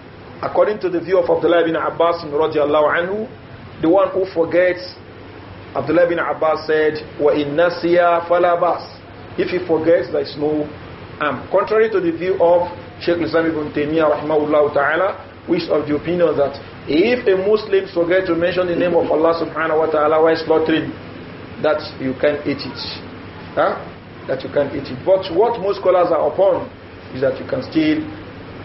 according to the view of Abdullah bin Abbas radiallahu anhu, the one who forgets, Abdullah bin Abbas said, وَإِنْ نَسِيَا فَلَا بَاسْ If he forgets, there is no harm. contrary to the view of Sheikh Islam ibn Taymiyyah rahimahullah ta'ala, which of the opinion that if a Muslim forgets to mention the name of Allah subhanahu wa ta'ala while slaughtering, that you can eat it. Huh? That you can eat it. But what most scholars are upon is that you can still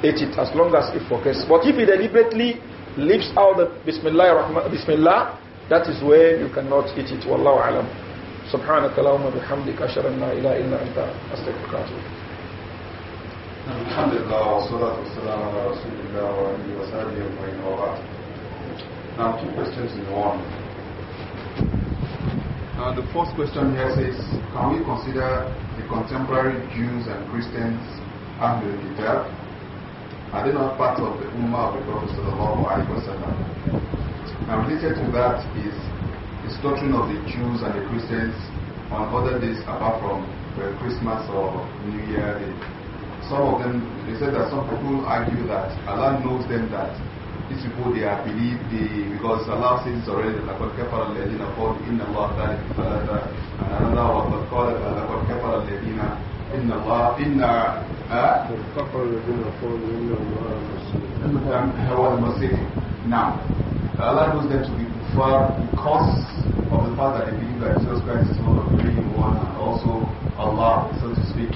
eat it as long as it focuses. But if it deliberately leaves out the Bismillah, Bismillah, that is where you cannot eat it. Wallahu alam. سبحانك اللهم وبحمدك أشهد أن لا إله إلا أنت أستغفرك الحمد لله والصلاة والسلام على رسول الله وآله وصحبه أجمعين وبعد. Now two questions in one. Now uh, the first question here says, can we consider the contemporary Jews and Christians أهل الكتاب are they not part of the Ummah of the Prophet sallallahu alaihi Now related to that is the doctrine of the Jews and the Christians on other days apart from Christmas or New Year Day. Some of them, they said that some people argue that Allah knows them that these people they are believe they because Allah says it's already that لقد كفر الذين قالوا إن الله ذلك ثلاثة and another one that قال لقد كفر الذين إن الله إن واتقوا الذين قالوا إن الله المسيح هو المسيح نعم Allah was them to be kuffar because of the fact that they believe that Jesus Christ is Lord of the living one and also Allah, so to speak.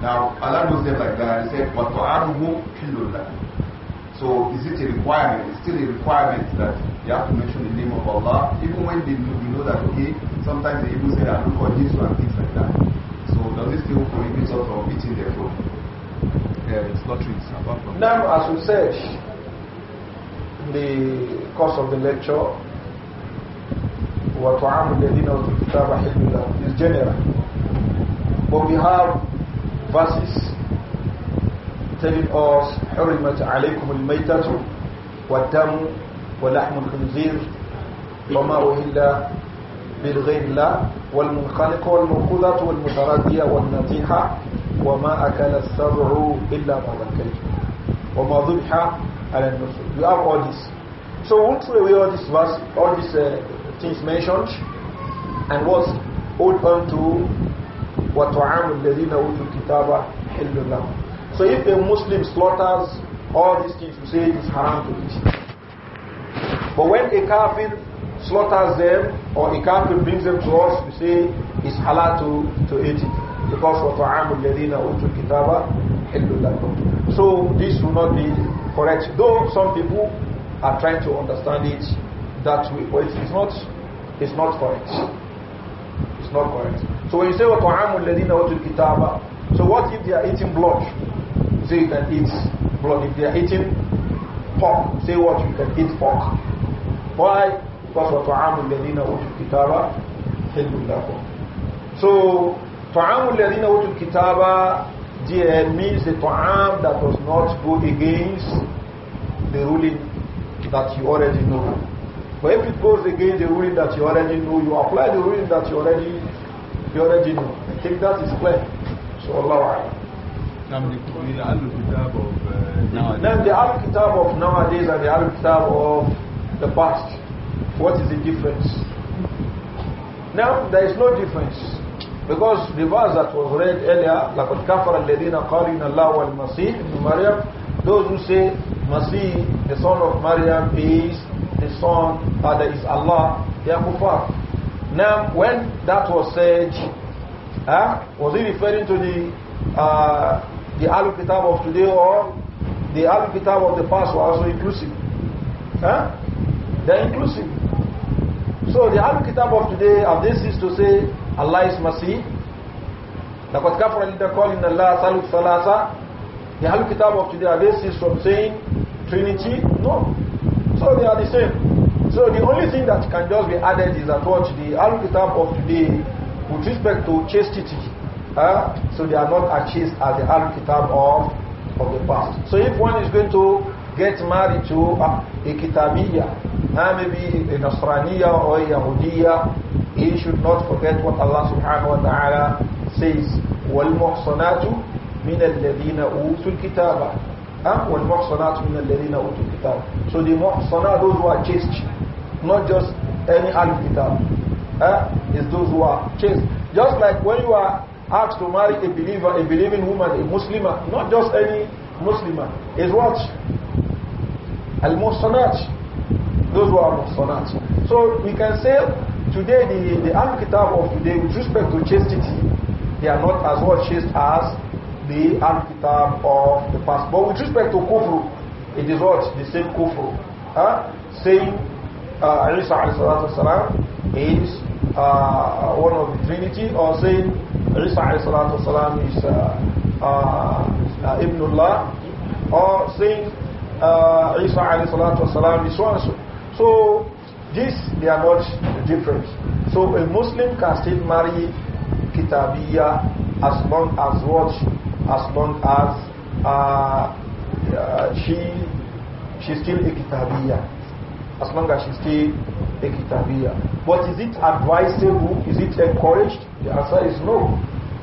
Now, Allah knows them like that. He said, وَطَعَرُهُمْ حِلُّ So, is it a requirement? It's still a requirement that they have to mention the name of Allah, even when they know, they know that, okay, sometimes they even say that, look for this one, things like that. So does this still prohibit us from eating their food? Yeah, it's not treats Now, as we said, the course of the lecture, what we have الْكِتَابَ حِلٌّ لَهُمْ is general. But we have verses telling us حُرِمَتْ عَلَيْكُمُ الْمَيْتَةُ وَالدَّمُ وَلَحْمُ الْخِنْزِيرِ وَمَا أُهِلَّ بغير الله والمتردية والنتيحة وما أكل السبع إلا وما ذبح على النسل have all this. So all these verse, all these uh, things mentioned and was hold on to وَطَعَامُ الَّذِينَ أُوتُوا الْكِتَابَ حِلٌّ لَهُمْ So if a Muslim slaughters all these things, you say it is haram to eat. But when a kafir slaughters them or he can't brings them to us, we say it's halal to, to eat it. Because of وَطَعَامُ الَّذِينَ أُوتُوا الْكِتَابَ So this will not be correct. Though some people are trying to understand it that way, but it's not, it's not correct. It's not correct. So when you say وَطَعَامُ الَّذِينَ أُوتُوا Kitaba, So what if they are eating blood? Say you can eat blood. If they are eating pork, say what? You can eat pork. Why? وَفَطَعَامُ الَّذِينَ أُوتُوا الْكِتَابَ حِلٌّ لَكُمْ So, طَعَامُ الَّذِينَ أُوتُوا الْكِتَابَ there means the ta'am that does not go against the ruling that you already know. But if it goes against the ruling that you already know, you apply the ruling that you already you already know. I think that is clear. So Allah Alam. Now the Al-Kitab uh, of nowadays and the Al-Kitab of the past. What is the difference? Now, there is no difference. Because the verse that was read earlier, لَقَدْ كَفَرَ الَّذِينَ قَالِينَ اللَّهُ وَالْمَسِيحِ ابْنُ Those who say, Masih, the son of Maryam, is the son, that is Allah, they are kufar. Now, when that was said, huh, was he referring to the uh, the Ahlul Kitab of today or the Ahlul Kitab of the past were also inclusive? Huh? They're inclusive. So the Ahlul Kitab of today of this is to say Allah is Masih. لَقَدْ كَفْرَ الَّذِينَ قَالُوا إِنَّ اللَّهَ ثَالِثُ The Ahlul Kitab of today have this is from saying Trinity. No. So they are the same. So the only thing that can just be added is that what the Ahlul Kitab of today with respect to chastity. Uh, so they are not as chaste as the al Kitab of, of the past. So if one is going to get married to a Kitabiya, maybe a Nasraniya or a Yahudiya, he should not forget what Allah subhanahu wa ta'ala says, وَالْمُحْصَنَاتُ مِنَ الَّذِينَ أُوتُوا الْكِتَابَ huh? وَالْمُحْصَنَاتُ مِنَ الَّذِينَ أُوتُوا الْكِتَابَ So the muhsanat, those who are chaste, not just any al-kitab, huh? is those who are chaste. Just like when you are asked to marry a believer, a believing woman, a Muslimah, not just any Muslimah, is what? Al-Muhsanat. Those who are Muhsanat. So we can say today the, the Al-Kitab of today with respect to chastity, they are not as well chaste as the Al-Kitab of the past. But with respect to Kufr, it is what? The same Kufr. Huh? Saying uh, Isa والسلام, is uh, one of the Trinity or saying Isa والسلام, is uh, uh, uh, Ibnullah or saying uh, Isa alayhi salatu wasalam is so and so. So this they are not different. So a Muslim can still marry Kitabiya as long as what as long as uh, uh, she she's still a Kitabiya. As long as she's still a Kitabiya. But is it advisable? Is it encouraged? The answer is no.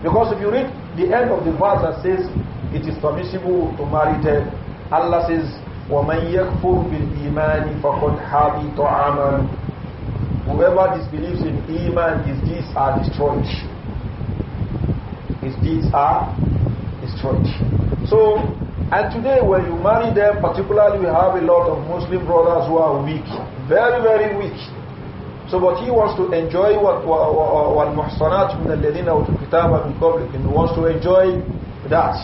Because if you read the end of the verse that says it is permissible to marry them, Allah says وَمَنْ يَكْفُرْ بِالْإِيمَانِ فَقَدْ حَبِطَ عَمَلُ Whoever disbelieves in Iman, his deeds are destroyed. His deeds are destroyed. So, and today when you marry them, particularly we have a lot of Muslim brothers who are weak. Very, very weak. So but he wants to enjoy what al مِنَ الَّذِينَ أُوتُوا الْكِتَابَ مِنْ and He wants to enjoy that.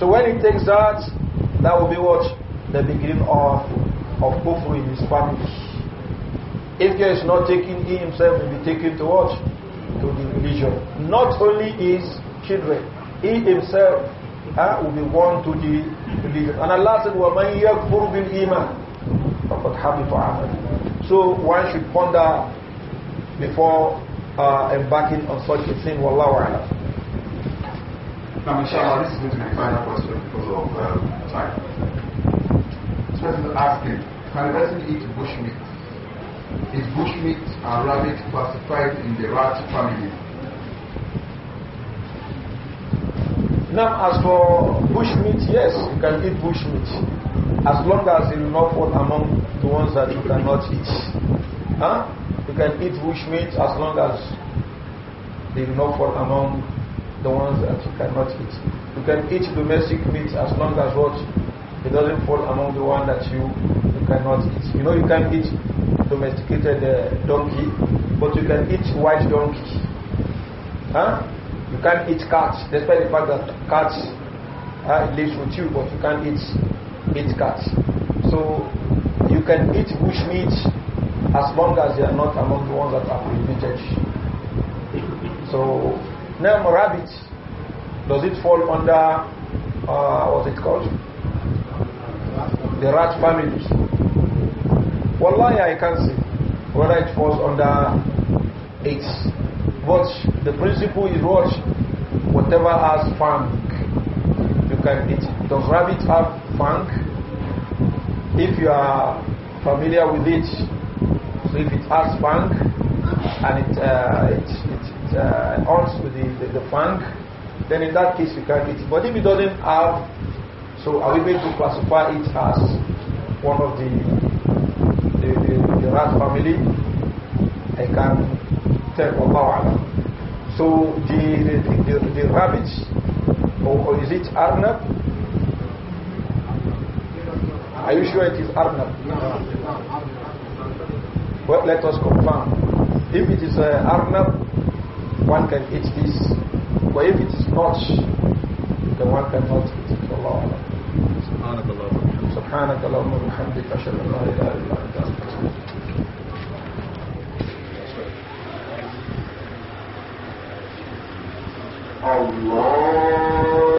So when he takes that, that will be what? the beginning of of kufr in his family. If he is not taken, he himself will be taken to what? To the religion. Not only his children, he himself uh, will be one to the religion. And Allah said, وَمَنْ يَكْفُرْ بِالْإِيمَانِ فَقَدْ حَبِطَ عَمَلِ So one should ponder before uh, embarking on such a thing? Wallahu a'lam. Now, inshallah, this is going to be final question because of uh, time ask him, can a person eat bush meat? Is bush meat and rabbit classified in the rat family? Now, as for bush meat, yes, you can eat bush meat as long as it will not fall among the ones that you cannot eat. Huh? You can eat bush meat as long as they will not fall among the ones that you cannot eat. You can eat domestic meat as long as what it doesn't fall among the one that you, you cannot eat. You know, you can eat domesticated uh, donkey, but you can eat white donkey. Huh? You can't eat cats, despite the fact that cats uh, lives with you, but you can't eat, eat cats. So you can eat bush meat as long as they are not among the ones that are prohibited. So now rabbit, does it fall under uh, it called? the rat families. Wallahi, I can't say whether it falls under eight. But the principle is what? Whatever has funk, you can eat Does rabbit have funk? If you are familiar with it, so if it has funk and it, uh, it, it, it uh, hurts the, the, the funk, then in that case you can eat it. But if it doesn't have so are we going to classify it as one of the the, the, the rat family? I can tell Allah Alam. So the the, the, the, rabbit, or, or is it Arnab? Are you sure it is Arnab? Well, let us confirm. If it is uh, Arnab, one can eat this. But if it is not, then one cannot eat it. Allah سبحانك اللهم وبحمدك سبحانك اللهم وبحمدك اشهد ان لا اله الا انت استغفرك Allah